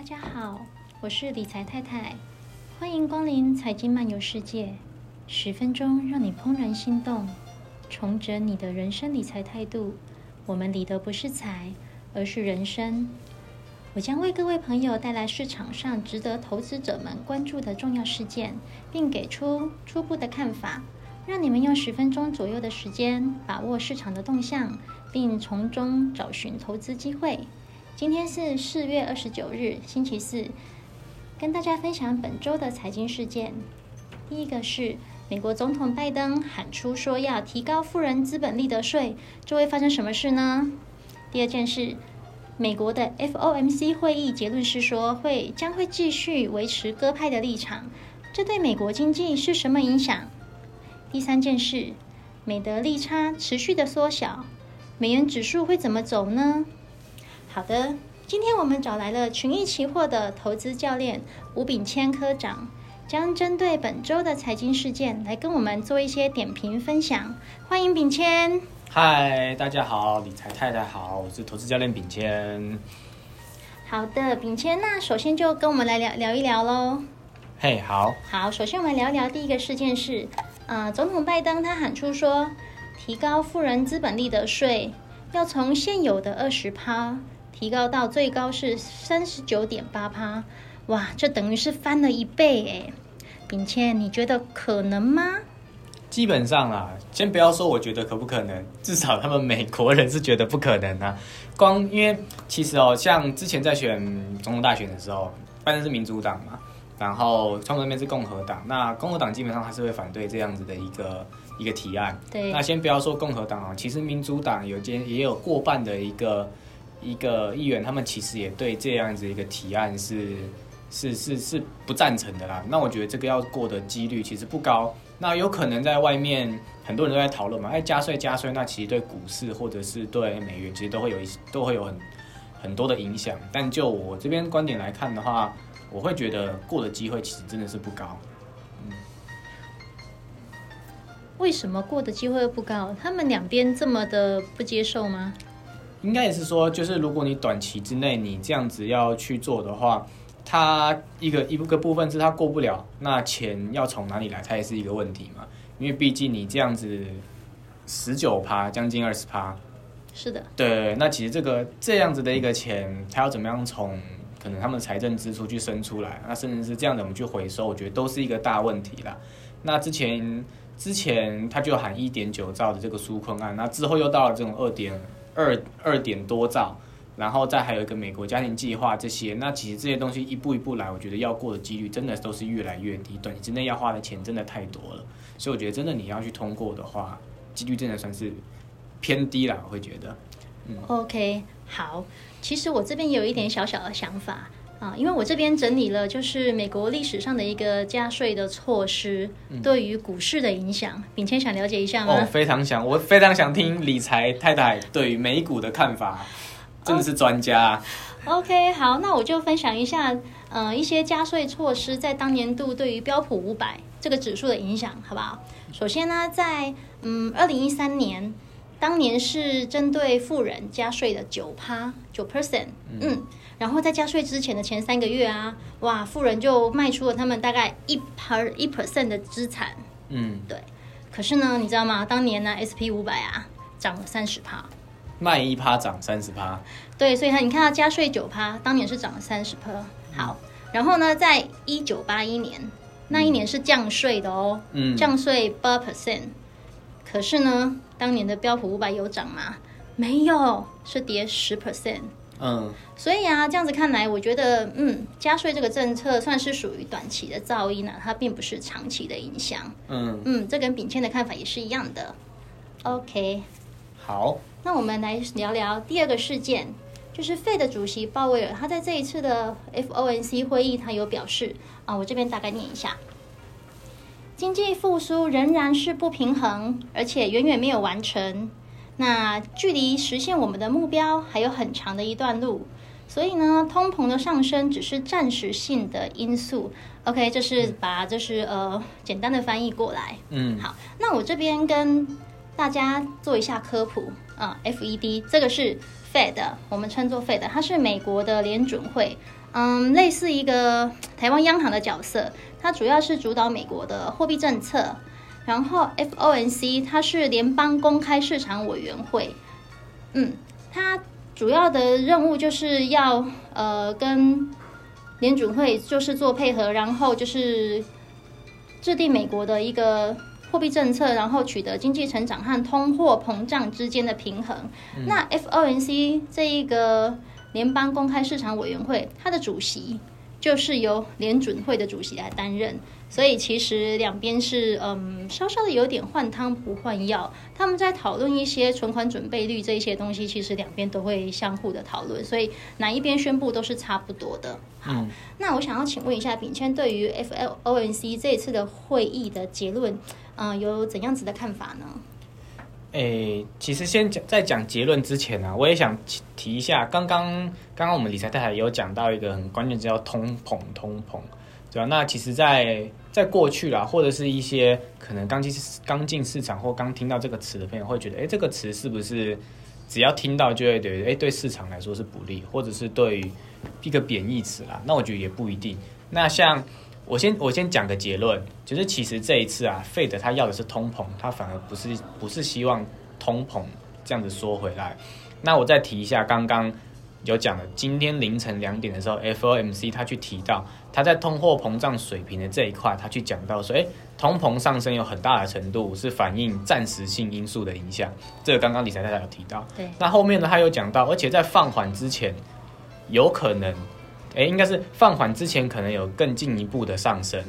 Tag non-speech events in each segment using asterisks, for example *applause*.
大家好，我是理財太太，歡迎光臨財經漫遊世界。十分鐘讓你怦然心動，重整你的人生理財態度。我們理的不是財，而是人生。我將為各位朋友帶來市場上值得投資者們關注的重要事件，並給出初步的看法，讓你們用十分鐘左右的時間把握市場的動向，並從中找尋投資機會。今天是四月二十九日，星期四，跟大家分享本週的財經事件。第一個是美國總統拜登喊出說要提高富人資本利得稅，這會發生什麼事呢？第二件事，美國的 FOMC 會議結論是說會將會繼續維持鴿派的立場，這對美國經濟是什麼影響？第三件事，美德利差持續的縮小，美元指數會怎麼走呢？好的，今天我們找來了群益期貨的投資教練吳炳謙科長，將針對本周的財經事件來跟我們做一些點評分享。歡迎炳謙。嗨，大家好，理財太太好，我是投資教練炳謙。好的，炳謙，那首先就跟我們來聊聊一聊嘍。嘿、hey,，好。好，首先我們來聊聊第一個事件是，呃，總統拜登他喊出說，提高富人資本利得稅，要從現有的二十趴。提高到最高是三十九點八趴。哇，這等於是翻了一倍哎！炳謙，你覺得可能嗎？基本上啦、啊，先不要說我覺得可不可能，至少他們美國人是覺得不可能啊。光因為其實哦，像之前在選總統大選的時候，反正是民主黨嘛，然後創作普那邊是共和黨。那共和黨基本上還是會反對這樣子的一個一個提案。對，那先不要說共和黨啊，其實民主黨有間也有過半的一個。一個議員，他們其實也對這樣子一個提案是是是是，是不贊成的啦。那我覺得這個要過的幾率其實不高。那有可能在外面很多人都在討論嘛，哎，加稅加稅，那其實對股市或者是對美元其實都會有一都會有很很多的影響。但就我這邊觀點來看的話，我會覺得過的機會其實真的是不高。嗯，為什麼過的機會不高？他們兩邊這麼的不接受嗎？應該也是說，就是如果你短期之內你這樣子要去做的話，它一個一個部分是它過不了，那錢要從哪裡來，它也是一個問題嘛。因為畢竟你這樣子十九趴，將近二十趴，是的，對。那其實這個這樣子的一個錢，它要怎麼樣從可能他們財政支出去生出來，那甚至是這樣子我們去回收，我覺得都是一個大問題啦。那之前之前他就喊一點九兆的這個紓困案，那之後又到了這種二點。二二點多兆，然後再還有一個美國家庭計劃這些，那其實這些東西一步一步來，我覺得要過的幾率真的都是越來越低，短期之內要花的錢真的太多了，所以我覺得真的你要去通過的話，幾率真的算是偏低了，我會覺得。嗯，OK，好，其實我這邊有一點小小的想法。啊，因為我這邊整理了就是美國歷史上的一個加稅的措施，對於股市的影響，秉、嗯、謙想了解一下嗎？我、哦、非常想，我非常想聽理財太太對於美股的看法， *laughs* 真的是專家、啊。OK，好，那我就分享一下，呃、一些加稅措施在當年度對於標普五百這個指數的影響，好不好？首先呢、啊，在嗯二零一三年。當年是針對富人加稅的九趴九 percent，嗯，然後在加稅之前的前三個月啊，哇，富人就賣出了他們大概一趴一 percent 的資產，嗯，對。可是呢，你知道嗎？當年呢，S P 五百啊，漲了三十趴，賣一趴漲三十趴，對。所以他，你看到加稅九趴，當年是漲了三十趴。好，然後呢，在一九八一年，那一年是降稅的哦，嗯，降稅八 percent，可是呢。當年的標普五百有漲嗎？沒有，是跌十 percent。嗯，所以啊，這樣子看來，我覺得，嗯，加稅這個政策算是屬於短期的噪音呢、啊，它並不是長期的影響。嗯嗯，這跟秉謙的看法也是一樣的。OK，好，那我們來聊聊第二個事件，就是 Fed 的主席鮑威爾，他在這一次的 FOMC 會議，他有表示啊，我這邊大概念一下。經濟復甦仍然是不平衡，而且遠遠沒有完成。那距離實現我們的目標還有很長的一段路，所以呢，通膨的上升只是暫時性的因素。OK，這是把這是，嗯，呃，簡單的翻譯過來。嗯，好，那我這邊跟大家做一下科普啊，呃，FED 這個是 Fed，我們稱作 Fed，它是美國的聯準會，嗯，類似一個台灣央行的角色。它主要是主導美國的貨幣政策，然後 FOMC 它是聯邦公開市場委員會，嗯，它主要的任務就是要呃跟聯準會就是做配合，然後就是制定美國的一個貨幣政策，然後取得經濟成長和通貨膨脹之間的平衡。那 FOMC 這一個聯邦公開市場委員會，它的主席，就是由聯準會的主席來擔任，所以其實兩邊是嗯稍稍的有點換湯不換藥。他們在討論一些存款準備率這一些東西，其實兩邊都會相互的討論，所以哪一邊宣布都是差不多的。好，那我想要請問一下，炳謙對於 FOMC 這一次的會議的結論，嗯，有怎樣子的看法呢？哎、欸，其實先講，在講結論之前呢、啊，我也想提一下，剛剛剛剛我們理財太太有講到一個很關鍵，叫通膨通膨，對吧、啊？那其實在，在在過去啦，或者是一些可能剛進剛進市場或剛聽到這個詞的朋友，會覺得，哎、欸，這個詞是不是只要聽到就會覺得，哎、欸，對市場來說是不利，或者是對一個貶義詞啦？那我覺得也不一定。那像。我先我先講個結論，就是其實這一次啊，費德他要的是通膨，他反而不是不是希望通膨這樣子縮回來。那我再提一下剛剛有講了，今天凌晨兩點的時候，FOMC 他去提到，他在通貨膨脹水平的這一塊，他去講到說，誒，通膨上升有很大的程度是反映暫時性因素的影響。這個剛剛理財太太有提到。對。那後面呢，他又講到，而且在放緩之前，有可能。哎、欸，應該是放緩之前可能有更進一步的上升，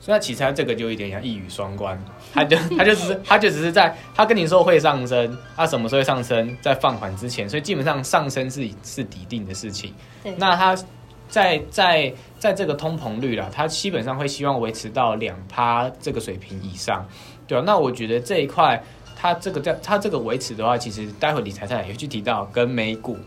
所以那其實他這個就有點像一語雙關，他就他就是他 *laughs* 就只是在他跟你說會上升，他、啊、什麼時候會上升，在放緩之前，所以基本上上升是是底定的事情。那他在在在這個通膨率啦，他基本上會希望維持到兩趴這個水平以上，對、啊、那我覺得這一塊他這個在他這個維持的話，其實待會理財也會去提到跟美股。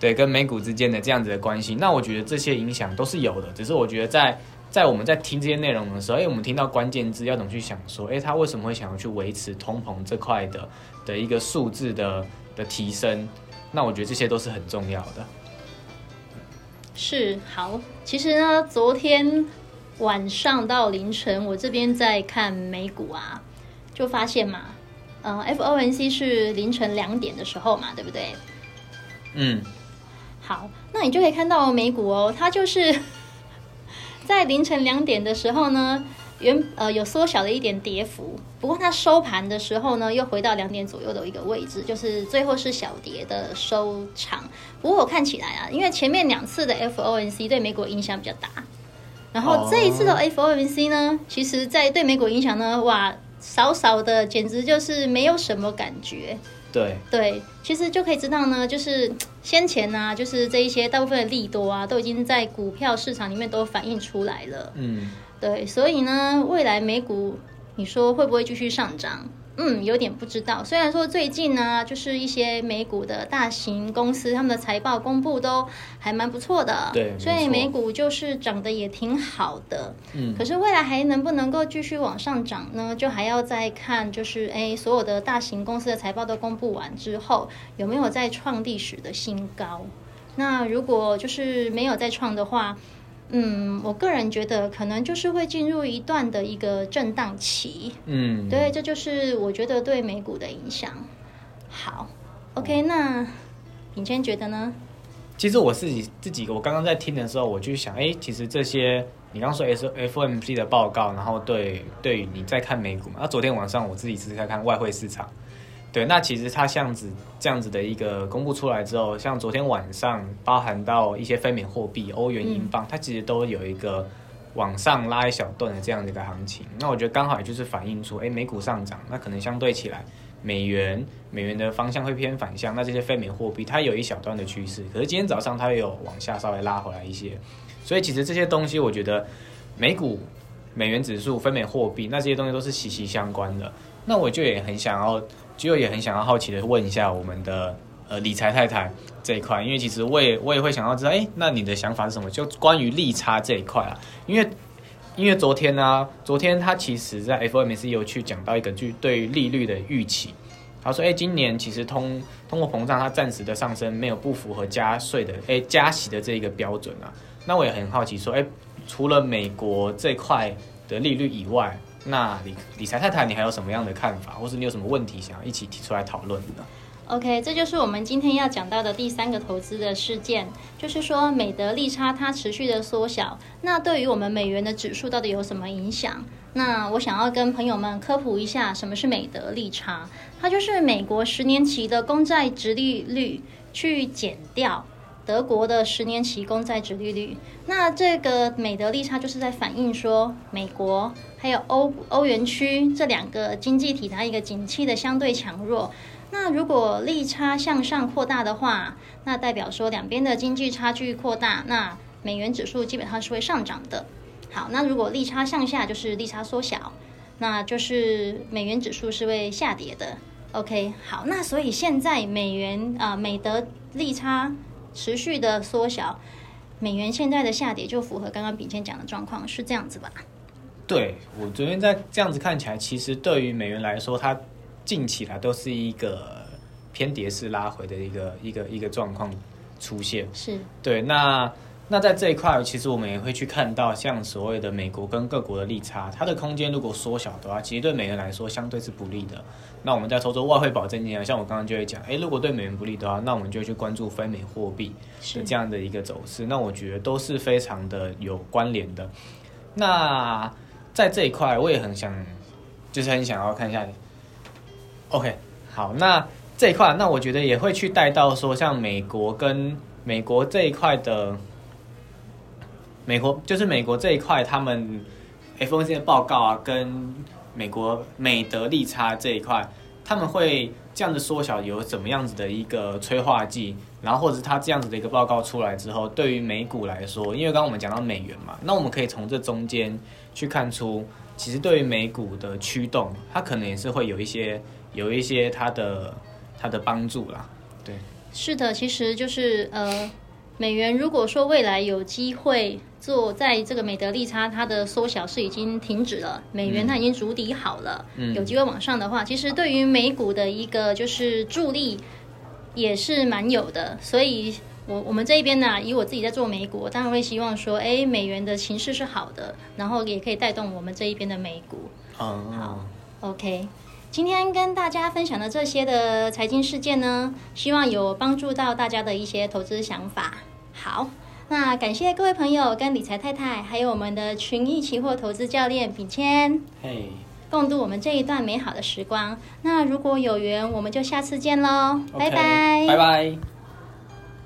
對，跟美股之間的這樣子的關係，那我覺得這些影響都是有的，只是我覺得在在我們在聽這些內容的時候，為、欸、我們聽到關鍵字要怎麼去想，說，哎、欸，他為什麼會想要去維持通膨這塊的的一個數字的的提升？那我覺得這些都是很重要的。是好，其實呢，昨天晚上到凌晨，我這邊在看美股啊，就發現嘛，嗯、呃、，FOMC 是凌晨兩點的時候嘛，對不對？嗯。好，那你就可以看到美股哦，它就是在凌晨兩點的時候呢，原呃有縮小了一點跌幅，不過它收盤的時候呢，又回到兩點左右的一個位置，就是最後是小跌的收場。不過我看起來啊，因為前面兩次的 FOMC 對美股影響比較大，然後這一次的 FOMC 呢，oh. 其實在對美股影響呢，哇，少少的，簡直就是沒有什麼感覺。對，對，其實就可以知道呢，就是先前呢、啊，就是這一些大部分的利多啊，都已經在股票市場裡面都反映出來了。嗯，對，所以呢，未來美股，你說會不會繼續上漲？嗯，有點不知道。雖然說最近呢，就是一些美股的大型公司他們的財報公布都還蠻不錯的，對，所以美股就是漲得也挺好的，嗯。可是未來還能不能夠繼續往上漲呢？就還要再看，就是哎，欸，所有的大型公司的財報都公布完之後，有沒有再創歷史的新高？那如果就是沒有再創的話。嗯，我個人覺得可能就是會進入一段的一個震盪期。嗯，對，這就是我覺得對美股的影響。好，OK，那敏娟覺得呢？其實我自己自己，我剛剛在聽的時候，我就想，哎、欸，其實這些你剛說 FOMC 的報告，然後對，對你在看美股嘛？那、啊、昨天晚上我自己是在看外匯市場。對，那其實它像子，這樣子的一個公布出來之後，像昨天晚上，包含到一些非美貨幣，歐元、英鎊，它其實都有一個往上拉一小段的這樣子的行情，嗯。那我覺得剛好也就是反映出，哎，美股上漲，那可能相對起來，美元、美元的方向會偏反向。那這些非美貨幣它有一小段的趨勢，可是今天早上它又有往下稍微拉回來一些。所以其實這些東西，我覺得，美股、美元指數、非美貨幣，那這些東西都是息息相關的。那我就也很想要，就也很想要好奇的問一下我們的呃理財太太這一塊，因為其實我也我也會想要知道，欸，那你的想法是什麼？就關於利差這一塊啊，因為因為昨天呢，昨天他其實在 FOMC 有去講到一個就對利率的預期，他說，欸，今年其實通通貨膨脹它暫時的上升沒有不符合加稅的，欸，加息的這一個標準啊，那我也很好奇說，欸，除了美國這塊的利率以外。那理理財太太，你還有什麼樣的看法，或是你有什麼問題想要一起提出來討論的？OK，這就是我們今天要講到的第三個投資的事件，就是說美德利差它持續的縮小，那對於我們美元的指數到底有什麼影響？那我想要跟朋友們科普一下，什麼是美德利差？它就是美國十年期的公債殖利率去減掉，德國的十年期公債殖利率，那這個美德利差就是在反映說美國還有歐歐元區這兩個經濟體它一個景氣的相對強弱。那如果利差向上擴大的話，那代表說兩邊的經濟差距擴大，那美元指數基本上是會上漲的。好，那如果利差向下，就是利差縮小，那就是美元指數是會下跌的。OK，好，那所以現在美元啊、呃、美德利差。持續的縮小，美元現在的下跌就符合剛剛筆尖講的狀況，是這樣子吧？對，我昨天在這樣子看起來，其實對於美元來說，它近期來都是一個偏跌式拉回的一個一個一個狀況出現。是，對，那。那在這一塊，其實我們也會去看到，像所謂的美國跟各國的利差，它的空間如果縮小的話，其實對美元來說相對是不利的。那我們在操作外匯保證金啊，像我剛剛就會講，誒、欸，如果對美元不利的話，那我們就會去關注非美貨幣是這樣的一個走勢。那我覺得都是非常的有關聯的。那在這一塊，我也很想，就是很想要看一下。OK，好，那這一塊，那我覺得也會去帶到說，像美國跟美國這一塊的。美國就是美國這一塊，他們 FOMC 的報告啊，跟美國美德利差這一塊，他們會這樣子縮小有怎麼樣子的一個催化劑，然後或者是它這樣子的一個報告出來之後，對於美股來說，因為剛剛我們講到美元嘛，那我們可以從這中間去看出，其實對於美股的驅動，它可能也是會有一些有一些它的它的幫助啦，對，是的，其實就是呃。美元如果說未來有機會做在這個美德利差，它的縮小是已經停止了，美元它已經築底好了，有機會往上的話，其實對於美股的一個就是助力也是蠻有的。所以，我我們這一邊呢、啊，以我自己在做美股，當然會希望說，哎，美元的形勢是好的，然後也可以帶動我們這一邊的美股。好、Oh，OK，今天跟大家分享的這些的財經事件呢，希望有幫助到大家的一些投資想法。好，那感謝各位朋友跟理財太太，還有我們的群益期貨投資教練秉謙，嘿、Hey，共度我們這一段美好的時光。那如果有緣，我們就下次見嘍，拜拜，拜拜。